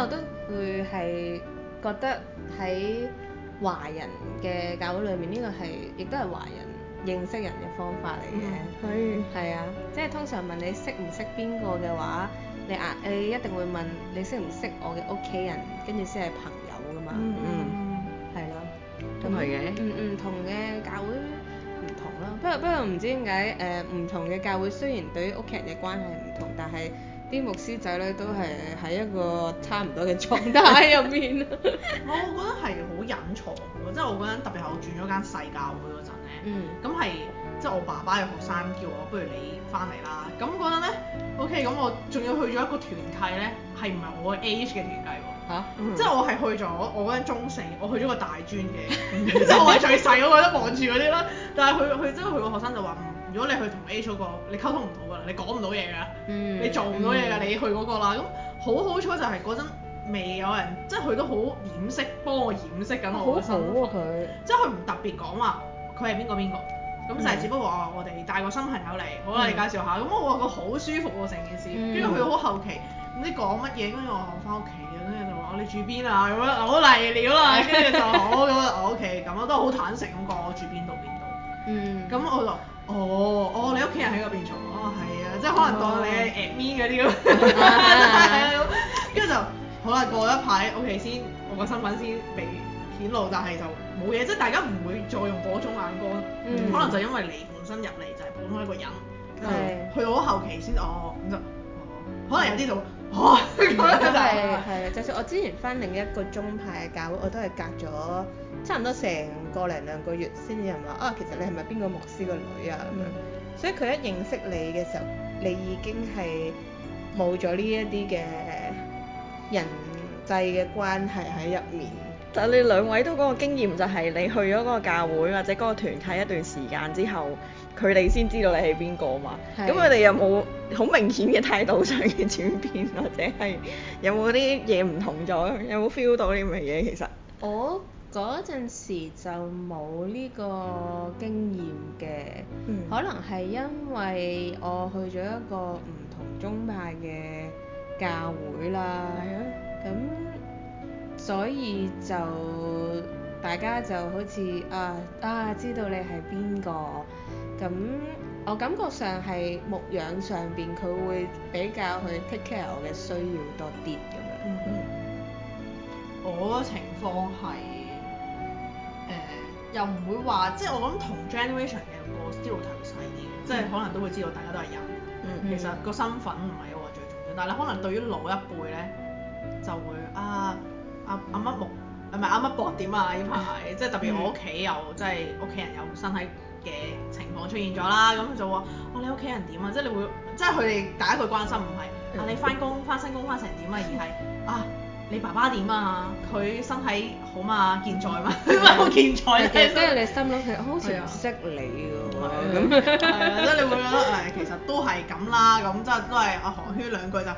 我都會係覺得喺華人嘅教會裏面，呢個係亦都係華人認識人嘅方法嚟嘅。係、嗯。係啊，即係通常問你識唔識邊個嘅話，你啊、嗯，你一定會問你識唔識我嘅屋企人，跟住先係朋友㗎嘛。嗯。係咯，都係嘅。嗯，唔、唔同嘅教會唔同咯、啊。不過不過唔知點解誒，唔同嘅教會雖然對於屋企人嘅關係唔同，但係，啲牧師仔咧都係喺一個差唔多嘅狀態入 裡面，我覺得係好隱藏嘅，即係我嗰陣特別係我轉咗間細教會嗰陣咧，咁係即係我爸爸嘅學生叫我、嗯、不如你翻嚟啦，咁嗰陣咧，O K，咁我仲要去咗一個團契咧，係唔係我嘅 age 嘅團契喎？啊嗯、即係我係去咗我嗰陣中四，我去咗個大專嘅，即係我係最細我嘛，得望住嗰啲啦，但係佢佢即係佢個學生就話。如果你去同 A 嗰個，你溝通唔到㗎啦，你講唔到嘢㗎，你做唔到嘢㗎，你去嗰個啦。咁好好彩就係嗰陣未有人，即係佢都好掩飾，幫我掩飾緊我。好好啊佢，即係佢唔特別講話佢係邊個邊個，咁就係只不過話我哋帶個新朋友嚟，好啦，你介紹下。咁我話佢好舒服喎，成件事。跟住佢好後期，唔知講乜嘢，跟住我返屋企，跟住就話你住邊啊咁樣好嚟料啦，跟住就好咁我屋企咁我都好坦誠咁講我住邊度邊度。嗯，咁我就。哦，哦，oh, oh, 你屋企人喺嗰邊做，啊係啊，即係可能當你係 admin 嗰啲咁，係啊， 跟住就好啦。過一排 OK，先，我個身份先被顯露，但係就冇嘢，即係大家唔會再用嗰種眼光。Mm. 可能就因為你本身入嚟就係普通一個人，係、mm. 去到後期先，哦咁就，哦、mm. 可能有啲就。係，係啊 是、 嗯！就算我之前翻另一個宗派嘅教會，我都係隔咗差唔多成個零兩個月先至人話，啊、哦，其實你係咪邊個牧師個女啊咁樣。嗯、所以佢一認識你嘅時候，你已經係冇咗呢一啲嘅人際嘅關係喺入面。但係你兩位都嗰個經驗就係，你去咗嗰個教會或者嗰個團體一段時間之後，佢哋先知道你係邊個嘛？咁佢哋有冇好明顯嘅態度上嘅轉變，或者係有冇啲嘢唔同咗？有冇 feel 到呢樣嘢其實有有？我嗰陣時就冇呢個經驗嘅，嗯、可能係因為我去咗一個唔同宗派嘅教會啦，咁、嗯、所以就大家就好似啊啊知道你係邊個。咁我感覺上係牧養上邊佢會比較去 take care 我嘅需要多啲咁樣。嗯。我個情況係誒又唔會話，即係我諗同 generation 嘅個 still 頭細啲，即係可能都會知道大家都係人。其實個身份唔係我話最重要，但係你可能對於老一輩咧就會啊啊啊乜牧啊，係咪啊乜博點啊依排，即係特別我屋企又即係屋企人又身體。嘅情況出現咗啦，咁就話：哇、哦，你屋企人點啊？即係你會，即係佢哋大家佢關心唔係啊，嗯，啊，你翻工翻新工翻成點啊？而係啊。你爸爸點啊？佢身體好嘛？健在嘛？點解會健在啊？跟住你心諗，其實,其實好似唔識你嘅喎。係啊，咁、啊，真係你會覺得，誒、哎，其實都係咁啦。咁即係都係啊寒暄兩句就啊，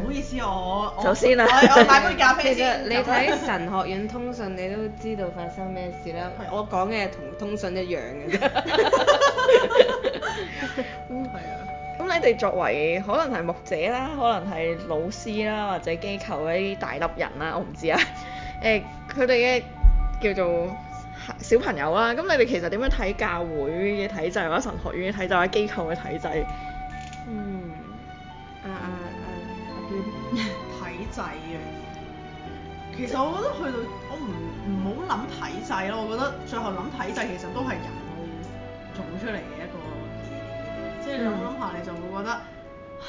唔好意思，我我走先 我我買杯咖啡先。 其實你睇神學院通訊，你都知道發生咩事啦、 啊。我講嘅同通訊一樣嘅、 嗯。係啊。咁你哋作為可能係牧者啦，可能係老師啦，或者機構嗰啲大粒人啦，我唔知啊。誒、 欸，佢哋嘅叫做小朋友啦，咁你哋其實點樣睇教會嘅體制，或者神學院嘅體制，或者機構嘅體制？嗯，誒誒誒啲體制嘅？ 其實我覺得去到我唔唔好諗體制咯。我覺得最後諗體制其實都係人會做出嚟嘅。即係諗諗下，一你就會覺得，唉，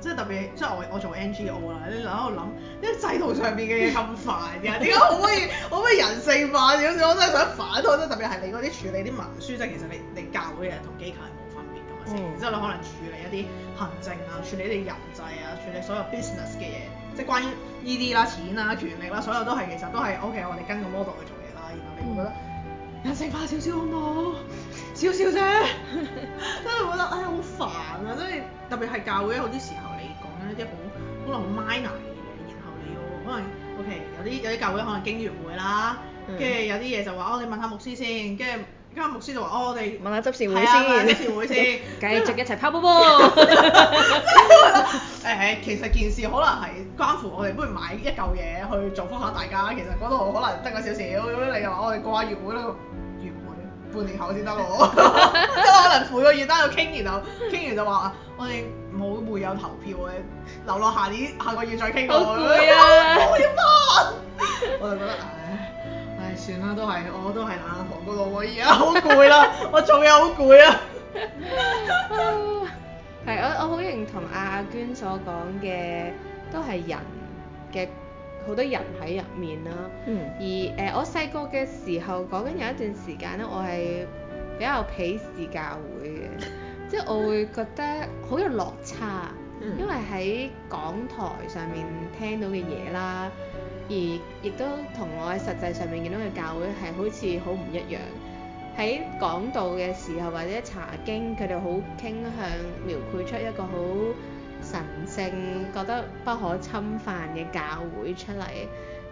即係特別，即係我我做 NGO 啦，你喺度諗，啲制度上邊嘅嘢咁煩嘅、啊，點解好可以 可唔可以人性化少少？我真係想反對，即係特別係你嗰啲處理啲文書，即係其實你你教會嘅同機構係冇分別嘅嘛先。然之後你可能處理一啲行政啊，處理啲人際啊，處理所有 business 嘅嘢，即係關於呢啲啦、錢啦、啊、權力啦，所有都係其實都係 OK，我哋跟個 model 去做嘢啦。然後你會覺得人性化少少好唔好？少少啫，真係覺得哎呀好煩啊！真係特別係教會，好多時候你講緊一啲好可能好 minor 嘅嘢，然後你要可能 OK，有啲有啲教會可能經月會啦，跟住有啲嘢就話哦，你問下牧師先，跟住而家牧師就話哦，我哋問下執事會先，執事會先，繼續一齊跑波波。誒，其實件事可能係關乎我哋不如買一嚿嘢去祝福下大家。其實嗰度可能得個少少，你又話我哋過下月會啦。半年後先得咯，即係 可能每個月都要傾，然後傾完就話我哋冇會有投票嘅，留落下年下個月再傾。好攰累啊我！好攰啊！我， 我就覺得，唉唉，算啦，都係我都係行個路，我而家好攰啦、 哦，我仲有好攰啊。係，我我好認同阿阿娟所講嘅，都係人嘅。好多人喺入面啦，嗯、而誒、呃、我細個嘅時候，講緊有一段時間咧，我係比較鄙視教會嘅， 即係我會覺得好有落差，嗯、因為喺講台上面聽到嘅嘢啦，而亦都同我喺實際上面見到嘅教會係好似好唔一樣。喺講道嘅時候或者查經，佢哋好傾向描繪出一個好，神聖，覺得不可侵犯嘅教會出嚟，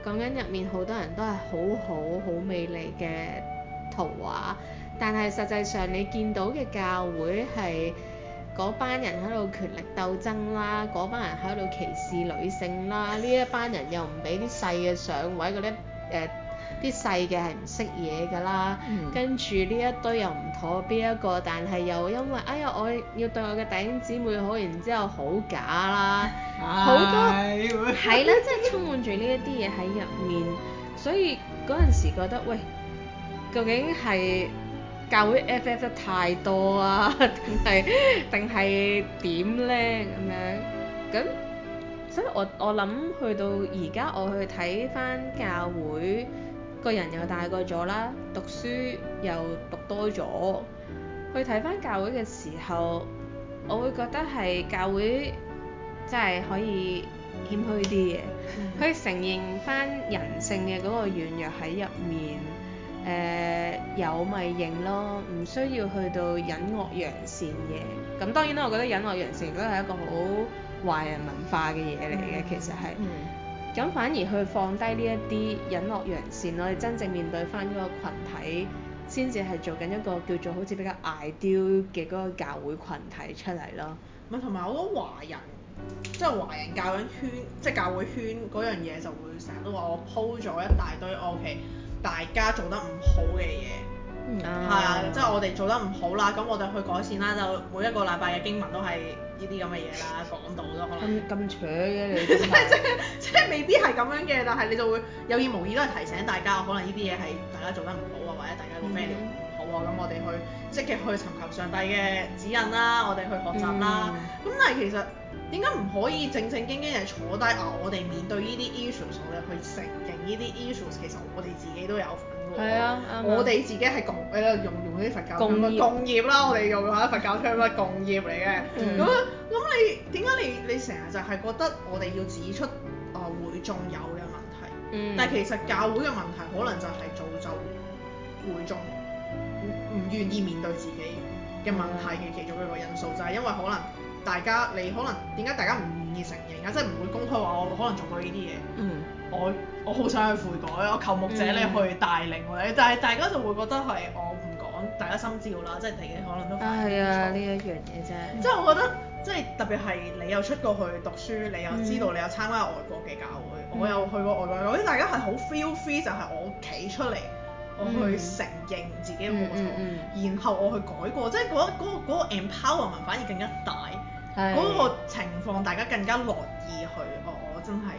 講緊入面好多人都係好好好美麗嘅圖畫，但係實際上你見到嘅教會係嗰班人喺度權力鬥爭啦，嗰班人喺度歧視女性啦，呢一班人又唔畀啲細嘅上位嗰啲誒。啲細嘅係唔識嘢㗎啦，嗯、跟住呢一堆又唔妥邊一個，但係又因為哎呀我要對我嘅弟兄姊妹好，然後之後好假啦，哎、好多係啦，即係、 就是、充滿住呢一啲嘢喺入面，所以嗰陣時覺得喂，究竟係教會 FF 得太多啊，定係定係點咧咁樣呢？咁 所以我我諗去到而家我去睇翻教會。個人又大個咗啦，讀書又讀多咗，去睇翻教會嘅時候，我會覺得係教會真係可以謙虛啲嘅，可以、嗯、承認翻人性嘅嗰個軟弱喺入面。誒、呃、有咪認咯，唔需要去到隱惡揚善嘅。咁當然啦，我覺得隱惡揚善亦都係一個好華人文化嘅嘢嚟嘅，其實係。嗯咁反而去放低呢一啲隱惡揚善咯，你真正面對翻嗰個羣體，先至係做緊一個叫做好似比較 ideal 嘅嗰個教會群體出嚟咯。咪同埋我覺得華人，即、就、係、是、華人教緊圈，嗯、即係教會圈嗰樣嘢就會成日都話我鋪咗一大堆，我、OK，哋大家做得唔好嘅嘢，係、嗯、啊，即係、嗯、我哋做得唔好啦，咁我哋去改善啦，就每一個禮拜嘅經文都係。呢啲咁嘅嘢啦，講到都可能咁咁扯嘅你 即，即即即未必係咁樣嘅，但係你就會有意無意都係提醒大家，可能呢啲嘢係大家做得唔好啊，或者大家個 fail 好啊，咁、嗯、我哋去積極去尋求上帝嘅指引啦，嗯、我哋去學習啦。咁、嗯、但係其實點解唔可以正正經經係坐低啊？我哋面對呢啲 issues 咧，我哋去承認呢啲 issues，其實我哋自己都有。係啊，我哋自己係共，你又用用啲佛教咁啊業，共業啦，我哋用下佛教出嚟乜共業嚟嘅，咁 咁、嗯嗯、你點解你你成日就係覺得我哋要指出啊會眾有嘅問題，嗯、但係其實教會嘅問題可能就係造就會眾，唔願意面對自己嘅問題嘅其中一個因素，嗯、就係因為可能大家你可能點解大家唔承認啊，即係唔會公開話我可能做過呢啲嘢。嗯。我我好想去悔改，我求牧者你去帶領我。嗯、但係大家就會覺得係我唔講，大家心照啦。即係大家可能都發現我做呢一樣嘢啫。即係我覺得，即係特別係你又出過去讀書，你又知道你有參加外國嘅教會，嗯、我又去過外國，好似大家係好 feel free 就係我企出嚟，我去承認自己嘅過錯，嗯、嗯嗯嗯，然後我去改過，即係嗰嗰嗰個 empowerment 反而更加大。嗰個情況，大家更加樂意去。我我真係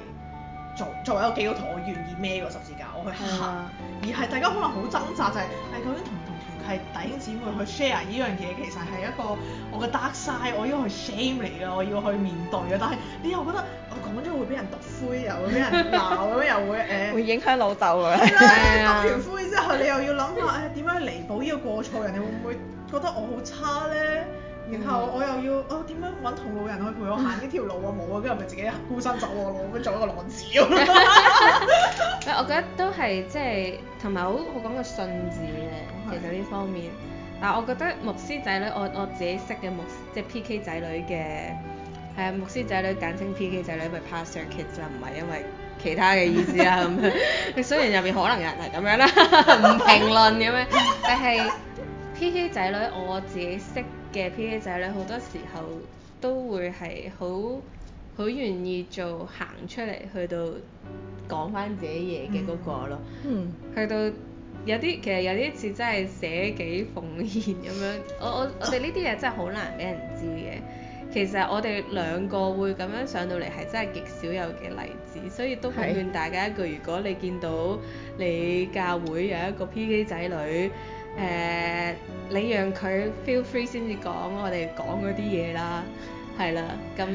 作作為一個基督徒，我願意孭個十字架，我去行。嗯、而係大家可能好掙扎，就係、是、誒、哎、究竟同唔同團契弟兄姊妹去 share 呢樣嘢，其實係一個我嘅 dark side，我要去 shame 嚟㗎，我要去面對㗎。但係你又覺得我講咗會俾人篤灰，又會俾人鬧，咁 又會誒，哎、會影響老竇㗎。係啦， 你篤完灰之後，你又要諗下誒點、哎、樣彌補呢個過錯，人哋會唔會覺得我好差咧？然後我又要我點、哦、樣揾同路人去陪我行呢條路啊？冇啊，跟住咪自己孤身走我路，跟住做一個浪子咯。 我覺得都係即係同埋好好講個信字嘅，其實呢方面。但係我覺得牧師仔女，我我自己識嘅牧即係 PK 仔女嘅，係啊牧師仔女，師女簡稱 PK 仔女，咪 Pastor Kids 就唔係因為其他嘅意思啦，咁 樣。雖然入邊可能有人係咁樣啦，唔評論咁樣，但係 PK 仔女我自己識。嘅 P.K. 仔女好多時候都會係好好願意做行出嚟去到講翻自己嘢嘅嗰個咯，嗯嗯、去到有啲其實有啲次真係捨己奉獻咁樣、嗯我，我我我哋呢啲嘢真係好難俾人知嘅。其實我哋兩個會咁樣上到嚟係真係極少有嘅例子，所以都係勸大家一句，是如果你見到你教會有一個 P.K. 仔女，誒、嗯。Uh, 你讓佢 feel free 先至講我哋講嗰啲嘢啦，係啦，咁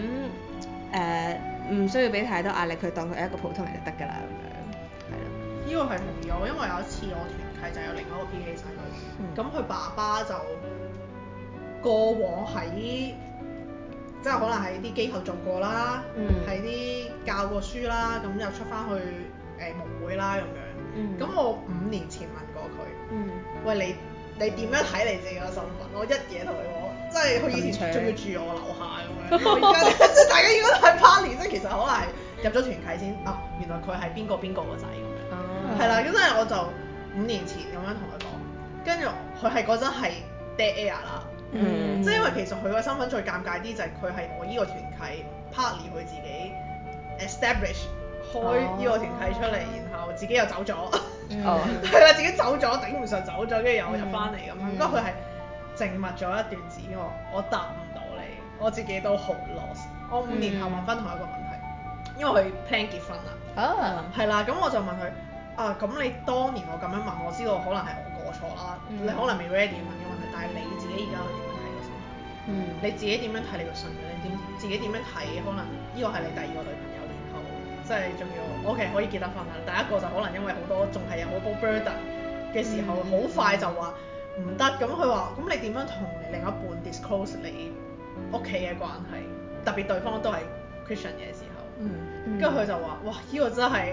誒唔需要俾太多壓力佢，當佢係一個普通人就得㗎啦，咁樣係咯。呢個係重要，因為有一次我團契就有另一個 P. K. 仔女，咁佢、嗯、爸爸就過往喺即係可能喺啲機構做過啦，喺啲、嗯、教過書啦，咁又出翻去誒牧、呃、會啦咁樣。咁、嗯、我五年前問過佢，嗯、喂你？你點樣睇你自己個身份？我一嘢同佢講，即係佢以前仲要住我樓下咁樣，即係、 就是、大家應該都係 party，即係其實可能係入咗團契先，啊原來佢係邊個邊個個仔咁樣，係啦、oh, okay.，咁即係我就五年前咁樣同佢講，跟住佢係嗰陣係 dead air 啦，hmm. 即係因為其實佢個身份最尷尬啲就係佢係我呢個團契 party 佢自己 establish 開呢個團契出嚟，oh, okay. 然後自己又走咗。 哦，係啦、mm hmm. 自己走咗，頂唔順走咗，跟住又入翻嚟咁樣。不過佢係靜默咗一段時間，我答唔到你，我自己都好 lost、mm hmm. 我五年後問翻同一個問題，因為佢 plan 結婚啦。啊。係啦，咁我就問佢啊，咁你當年我咁樣問，我知道可能係我過錯啦，mm hmm. 你可能未 ready 問嘅問題，但係你自己而家點樣睇個心態？你自己點樣睇你個信任？你點自己點樣睇？可能呢個係你第二個女朋友。Mm hmm. 即係仲要，OK，可以結得婚啦。第一個就可能因為好多仲係有好多 burden 嘅時候，好、嗯、快就話唔得。咁佢話，咁你點樣同另一半 disclose 你屋企嘅關係，嗯、特別對方都係 Christian 嘅時候，嗯，跟住佢就話、嗯、哇，呢、這個真係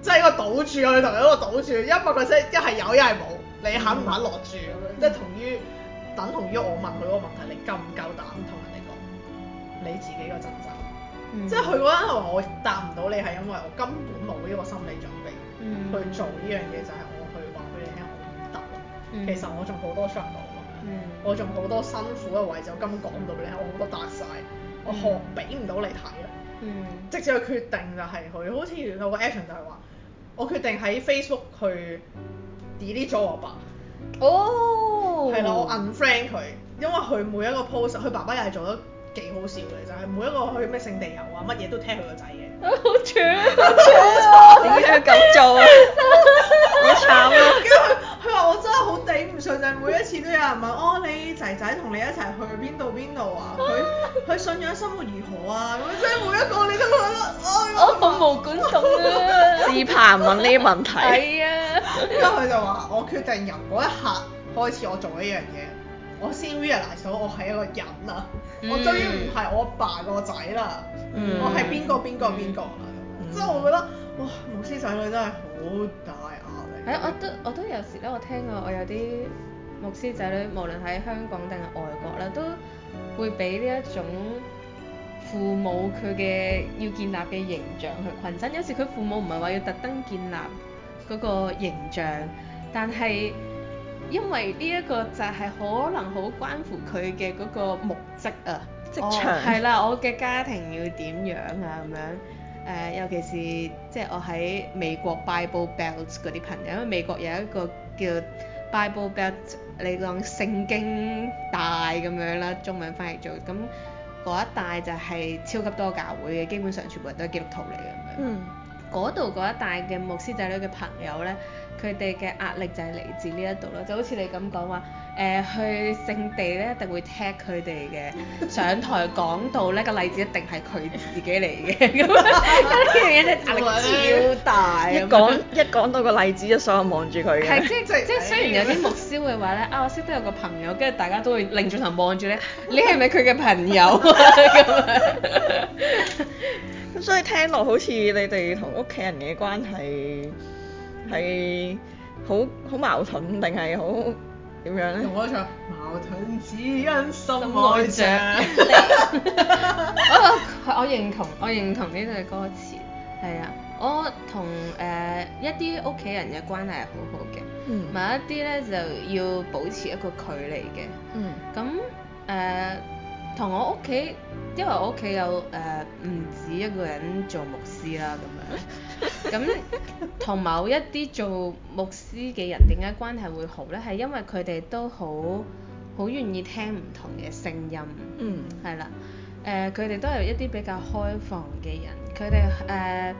真係一個賭注，啊你同佢一個賭注，因為佢即係一係有一係冇，你肯唔肯落注？即係同於等同於我問佢個問題，你夠唔夠膽同人哋講你自己個真實？嗯、即係佢嗰陣係話我答唔到你係因為我根本冇呢個心理準備、嗯、去做呢樣嘢，就係我去話佢哋聽我唔得、嗯、其實我仲好多傷到咁樣，嗯、我仲好多辛苦嘅位就根本講唔到俾你，嗯、我好多答晒，嗯、我學俾唔到你睇啦。嗯，直接去決定就係、是、佢，好似有個 action 就係話我決定喺 Facebook 去 delete 咗我爸。哦，係啦，我 unfriend 佢，因為佢每一個 post，佢爸爸又係做得。幾好笑嘅，就係每一個去咩聖地遊啊，乜嘢都聽佢個仔嘅。好賤，點解要咁做啊？ 好慘啊！跟住佢話我真係好頂唔順，就係、係、每一次都有人問，哦你仔仔同你一齊去邊度邊度啊？佢佢 寶寶信仰生活如何啊？咁即係每一個你都覺得：哎「我服務管眾，自怕人問呢啲問題。係啊，跟住佢就話我決定由嗰一刻開始，我做呢樣嘢。我先 realise 到我係一個人啊！嗯、我終於唔係我爸個仔啦，嗯、我係邊個邊個邊個啦咁。即係、嗯、我覺得，哇！牧師仔女真係好大壓力。係啊、嗯，我都我都有時咧，我聽過我有啲牧師仔女，無論喺香港定係外國咧，都會俾呢一種父母佢嘅要建立嘅形象去困身。有時佢父母唔係話要特登建立嗰個形象，但係因為呢一個就係可能好關乎佢嘅嗰個目的啊，職場係啦，哦，我嘅家庭要點樣啊咁樣，誒、呃、尤其是即係、就是、我喺美國 Bible Belt 嗰啲朋友，因為美國有一個叫 Bible Belt，你講聖經大咁樣啦，中文翻譯做咁嗰一帶就係超級多教會嘅，基本上全部人都係基督徒嚟嘅。嗯嗰度嗰一帶嘅牧師仔女嘅朋友呢，佢哋嘅壓力就係嚟自呢一度咯，就好似你咁講話，誒、呃、去聖地呢，一定會踢佢哋嘅上台 講到呢個例子一定係佢自己嚟嘅，咁 樣，跟住壓力超大，一講一講到個例子， 就所有人望住佢嘅。係即即雖然有啲牧師會話呢：啊「啊我識得有個朋友，跟住大家都會擰轉頭望住呢。」你係咪佢嘅朋友咁樣？ 咁所以聽落好似你哋同屋企人嘅關係係好好矛盾，定係好點樣？同我唱，「矛盾只因心愛著。我認同，我認同呢句歌詞，係啊，我同誒、呃、一啲屋企人嘅關係係好好嘅，嗯，某一啲咧就要保持一個距離嘅，嗯，咁誒。呃同我屋企，因為我屋企有誒唔止一個人做牧師啦咁樣，咁同某一啲做牧師嘅人點解關係會好咧？係因為佢哋都好，好願意聽唔同嘅聲音，嗯，係啦，誒佢哋都係一啲比較開放嘅人。佢哋誒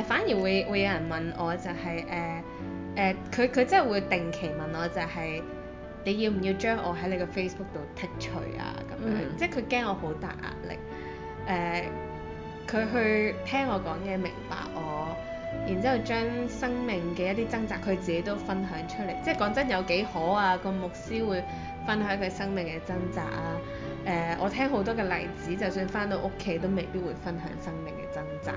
誒反而會會有人問我就係，誒誒佢佢真係會定期問我就係。你要唔要將我喺你個 Facebook 度剔除啊？咁樣，嗯、即係佢驚我好大壓力。誒、呃，佢去聽我講嘢，明白我，然之後將生命嘅一啲掙扎，佢自己都分享出嚟。即係講真，有幾可啊？個牧師會分享佢生命嘅掙扎啊！誒、呃，我聽好多嘅例子，就算翻到屋企都未必會分享生命嘅掙扎。誒、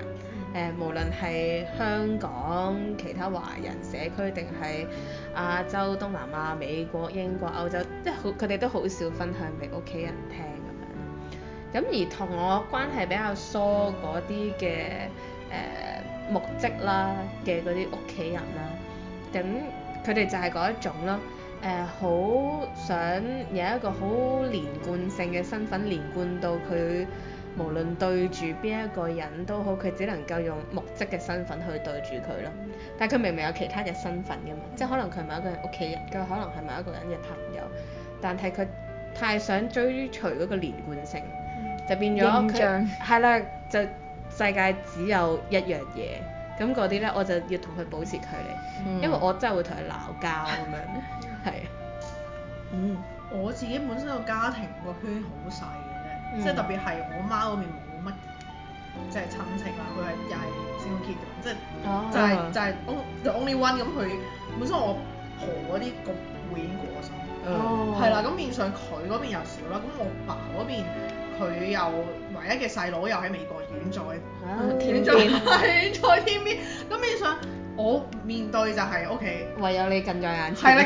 呃，無論係香港其他華人社區，定係亞洲東南亞、美國、英國、歐洲，即係好，佢哋都好少分享俾屋企人聽咁樣。咁而同我關係比較疏嗰啲嘅誒牧職啦嘅嗰啲屋企人啦，咁佢哋就係嗰一種咯。誒好、呃、想有一個好連貫性嘅身份，連貫到佢無論對住邊一個人都好，佢只能夠用牧職嘅身份去對住佢咯。但係佢明明有其他嘅身份嘅嘛，即係可能佢係某一個人屋企人，佢可能係某一個人嘅朋友，但係佢太想追隨嗰個連貫性，嗯、就變咗佢係啦，就世界只有一樣嘢咁嗰啲呢，我就要同佢保持距離，嗯、因為我真係會同佢鬧交咁樣。 係，啊、嗯，我自己本身個家庭個圈好細嘅啫，即係特別係我媽嗰邊冇乜，即係親戚啦，佢係又係 single 即係就係、是、就係、是、only one 咁佢本身我婆嗰啲已經過咗身，係啦、嗯，咁、嗯啊、面上佢嗰邊又少啦，咁我爸嗰邊佢又唯一嘅細佬又喺美國遠在，啊、面上 在天邊，係在天邊，咁面上。我、oh, 面對就係屋企，okay, 唯有你近在眼前。係啦，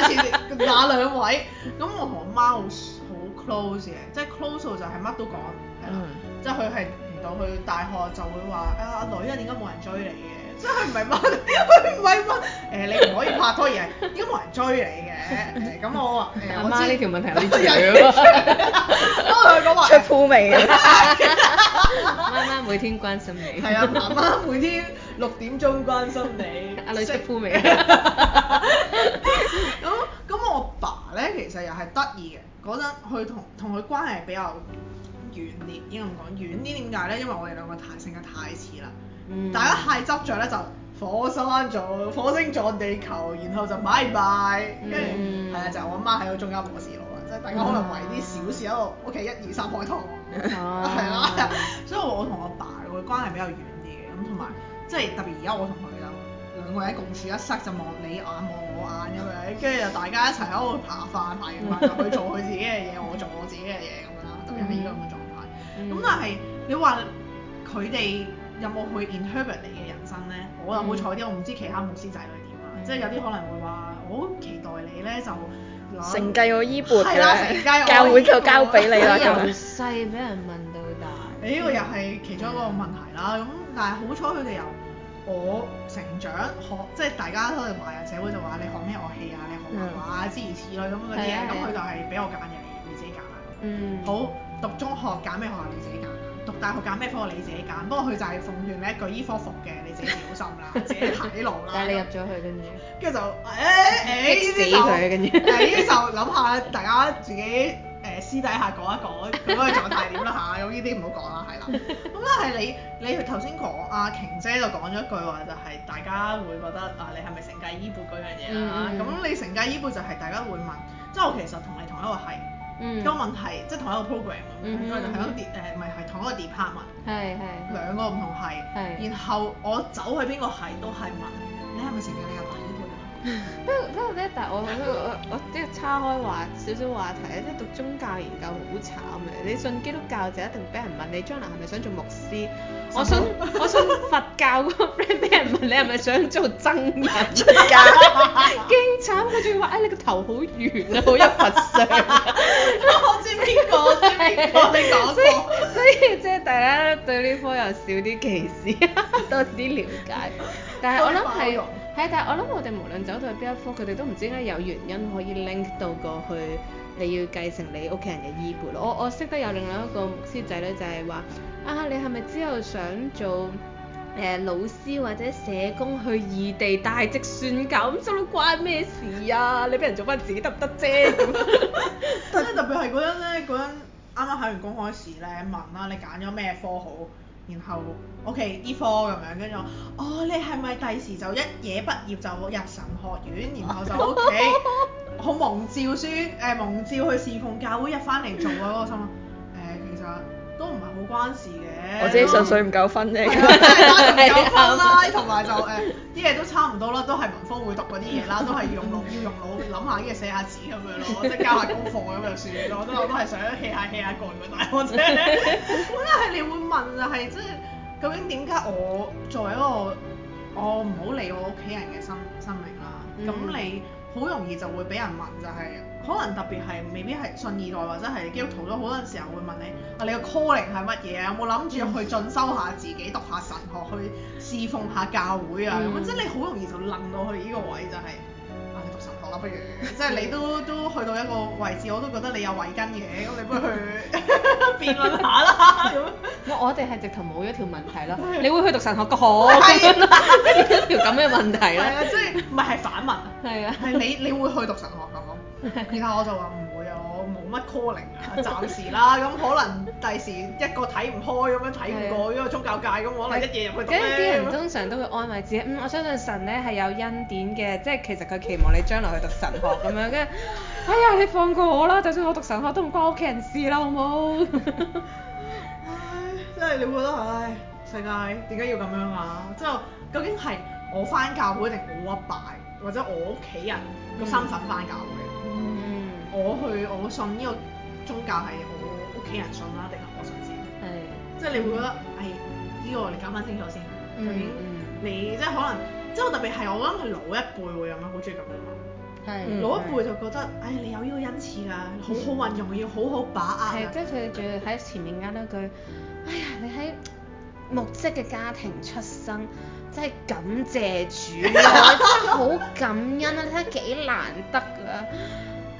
近在眼前，哪兩 位？咁我同我媽好好 close 嘅，即係 close 就係乜都講，係啦。 即係佢係唔到去大學就會話，啊，女啊，點解冇人追你嘅？真係唔係問，佢唔係問誒，你唔可以拍拖而係依家冇人追你嘅。咁、呃、我話誒、呃，我知呢條問題有啲自由。不過佢講話出褲 味、啊。 媽媽每天關心你。係啊，媽媽每天六點鐘關心你。阿女出褲味。咁咁 我爸咧其實又係得意嘅。嗰陣佢同同佢關係比較遠啲，應該咁講遠啲點解咧？因為我哋兩個太性格太似啦。大家太執着咧就火山咗，火星撞地球，然後就拜拜，跟住係啊，就我媽喺度中間冇事，攞啦，即係大家可能為啲小事喺度屋企一、二、三開拖，係啦，所以我同我爸嘅關係比較遠啲嘅，咁同埋即係特別而家我同佢啊，兩個人共處一室就望你眼望我眼咁樣，跟住就大家一齊喺度扒飯，扒完飯就去做佢自己嘅嘢，我做我自己嘅嘢咁樣啦，特別係呢個咁嘅狀態，咁但係你話佢哋，有冇去 inherit 你嘅人生咧？我又好彩啲，我唔知其他牧師仔女點啊，嗯、即係有啲可能會話，我好期待你咧就承繼我衣缽，係啦、啊，承繼我 教會就交俾你啦。由細俾人問到大，誒呢個又係其中一個問題啦。咁但係好彩佢哋由我成長學，即係大家都係埋人社會就話你學咩樂器啊，你學畫啊、嗯、之如此類啦咁嗰啲嘢。咁佢就係俾我揀嘢，你自己揀。嗯。好，讀中學揀咩學校，你自己揀。讀大學揀咩科你自己揀，不過佢就係奉勸你一句醫科服嘅，你自己小心啦， 自己睇路啦。但係 你入咗去跟住，跟住就誒誒、 欸、死佢，跟住、 欸。係依就諗下，大家自己誒、呃、私底下講一講，咁個狀態點啦嚇，咁呢啲唔好講啦，係啦、 嗯。咁啊係你，你頭先講阿瓊姐就講咗一句話，就係、是、大家會覺得啊，你係咪承繼衣缽嗰樣嘢啊？咁、嗯、 你承繼衣缽就係大家會問，即係我其實同你同一個係。多、嗯、問題即係同一個 program，佢哋、嗯嗯嗯呃、唔係係同一個 department，係係兩是個唔同系，是是然後我走去邊個系都係問。不不過咧，但係我我我即係岔開話少少話題咧，即係讀宗教研究好慘嘅。你信基督教就一定俾人問你將來係咪想做牧師。我想，想我信佛教嗰個 friend 俾人問你係咪想做僧人？教假，勁 慘！佢仲要話誒你個頭好圓啊，好有佛相。我知邊個，知邊個，你講。所以所以即係、就是、大家對呢科又少啲歧視，多啲了解。但係多麼 了我諗係。但係我諗我哋無論走到去邊一科，佢哋都唔知點解有原因可以 link 到過去你要繼承你屋企人嘅衣缽咯。我我識得有另外一個師仔咧，就係、是、話啊，你係咪之後想做誒、呃、老師或者社工去異地大積算咁，咁都關咩事啊？你俾人做翻自己得唔得啫？咁啊，特別係嗰陣咧，嗰陣啱啱考完公開試咧，問啦、啊、你揀咗咩科好？然後 OK 呢科咁樣跟住我，哦你係咪第時就一嘢畢業就入神學院，然後就 OK 好 蒙召書誒、呃，蒙召去侍奉教會，入翻嚟做啊嗰個心，誒、 呃，其實。都唔係好關事嘅，我自己純粹唔夠分啫，唔、啊、夠分啦，同埋 就誒啲嘢都差唔多啦，都係文科會讀嗰啲嘢啦，都係要用腦要用腦諗下啲嘢寫下字咁樣咯，即係交下功課咁就算咯。我我都係想 hea 下 hea 下過完大考啫。但係、就係、 你會問就係即係究竟點解我作為一個我唔好理我屋企人嘅生生命啦，咁、嗯、你好容易就會俾人問就係、係。可能特別係，未必係信二代或者係基督徒都好多時候會問你，啊你個 calling 係乜嘢啊？有冇諗住去進修下自己讀下神學，去侍奉下教會啊？咁即係你好容易就愣到去呢個位就係，啊你讀神學啦，不如即係你都都去到一個位置，我都覺得你有慧根嘅，咁你不如去辯論下啦咁。我哋係直頭冇一條問題啦，你會去讀神學個學根，一條咁嘅問題咧。係啊，即係唔係係反問啊？係啊，係你你會去讀神學。然後 我就話唔會啊，我冇乜 calling 啊， 暫時啦，咁可能第時一個睇唔開咁樣睇唔 過呢個宗教界咁，我可能一嘢入去咧。咁啲 人通常都會安慰自己，嗯，我相信神咧係有恩典嘅，即係其實佢期望你將來去讀神學咁 樣。嘅。哎呀，你放過我啦， 就算我讀神學都唔關屋企人事啦，好冇？ 唉，真係你會覺得唉，世界點解要咁樣啊？之後究竟係我翻教會定我阿爸或者我屋企人個身份翻教會？我去我信呢個宗教係我屋企人信啦，定係我信先？係。即係你會覺得係呢、mm hmm. 哎這個你，你搞翻清楚先。嗯嗯。你即係可能，即係特別係我覺得係老一輩喎，有咩好中意咁嘅嘛？係。老一輩就覺得，唉，你有呢個恩賜㗎，好好運用，要好好把握。係、hmm. right. 嗯。跟住佢仲要喺前面加多句，哎呀，你喺牧師嘅家庭出生，真係感謝主啊，真係好感恩啊，你睇幾難得啊，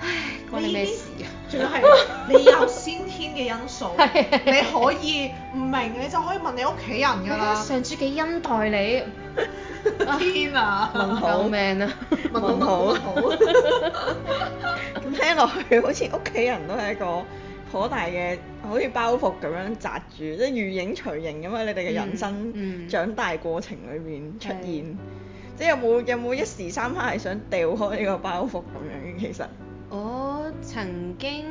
唉。關你咩事啊？仲要係你有先天嘅因素， 你可以唔明，你就可以問你屋企人㗎啦。 上主嘅恩待你天啊，問好命啊，問好。問好！咁聽落去好似屋企人都係一個大好大嘅好似包袱咁樣紮住，即係如影隨形咁樣！你哋嘅人生長大過程裏面出現，嗯嗯、即係是有冇有冇一時三刻係想掉開呢個包袱咁樣嘅其實？我曾經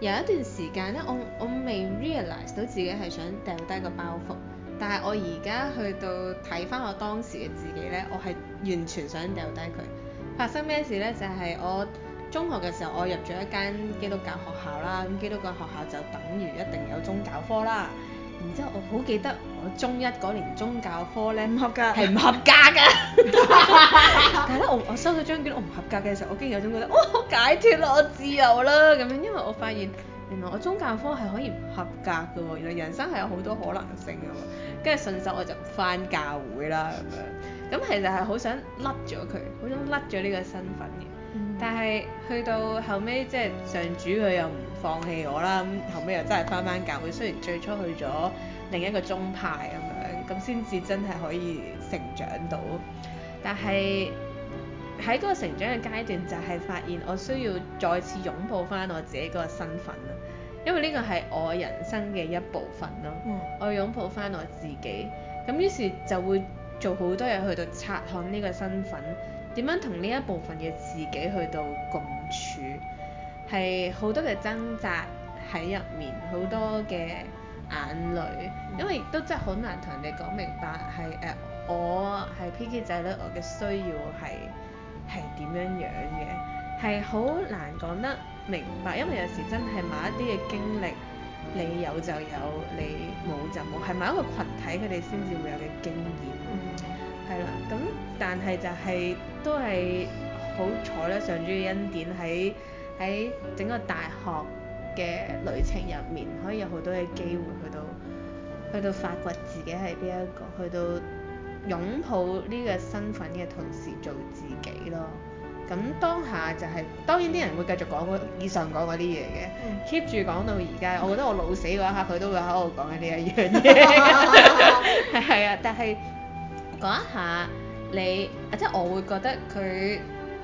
有一段時間咧，我我未 realize 到自己係想掉低個包袱，但係我而家去到睇翻我當時嘅自己咧，我係完全想掉低佢。發生咩事咧？就係我中學嘅時候，我入咗一間基督教學校啦。咁基督教學校就等於一定有宗教科啦。然之後，我好記得我中一嗰年宗教科咧，唔合格，係唔合格㗎。 但係咧，我我收到張卷，我唔合格嘅時候，我竟然有種覺得，哇、哦，解脫啦，我自由啦咁樣，因為我發現原來我宗教科係可以唔合格嘅喎，原來人生係有好多可能性嘅喎。跟住順手我就返教會啦咁樣。咁其實係好想甩咗佢，好想甩咗呢個身份嘅。但係去到後尾，即係上主佢又放棄我啦，咁後尾又真係翻返教會。雖然最初去咗另一個宗派咁樣，咁先至真係可以成長到。但係喺嗰個成長嘅階段，就係發現我需要再次擁抱翻我自己嗰個身份。因為呢個係我人生嘅一部分咯。嗯、我擁抱翻我自己，咁於是就會做好多嘢去到察看呢個身份，點樣同呢一部分嘅自己去到共處。係好多嘅掙扎喺入面，好多嘅眼淚，因為都真係好難同人哋講明白，係誒我係 P.K 仔女，我嘅需要係係點樣樣嘅，係好難講得明白，因為有時真係某一啲嘅經歷，你有就有，你冇就冇，係某一個群體佢哋先至會有嘅經驗，係、嗯、啦。咁但係就係、是、都係好彩啦，上主恩典喺。喺整個大學嘅旅程入面，可以有好多嘅機會去到去到發掘自己係邊一個，去到擁抱呢個身份嘅同時做自己咯。咁、嗯、當下就係、是、當然啲人會繼續講以上講嗰啲嘢嘅，keep 住講到而家。我覺得我老死嗰一刻佢都會喺我講緊呢一樣嘢。係啊，但係講一下你即係我會覺得佢。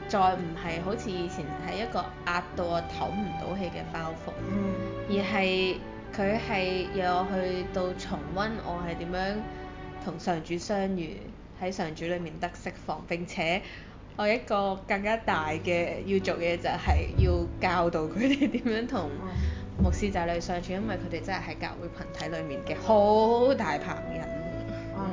再唔係好似以前係一個壓到我唞唔到氣嘅包袱，嗯，而係佢係讓我去到重溫我係點樣同上主相遇，喺上主裏面得釋放。並且我一個更加大嘅要做嘢就係要教導佢哋點樣同牧師仔女相處，因為佢哋真係喺教會群體裏面嘅好大棚人。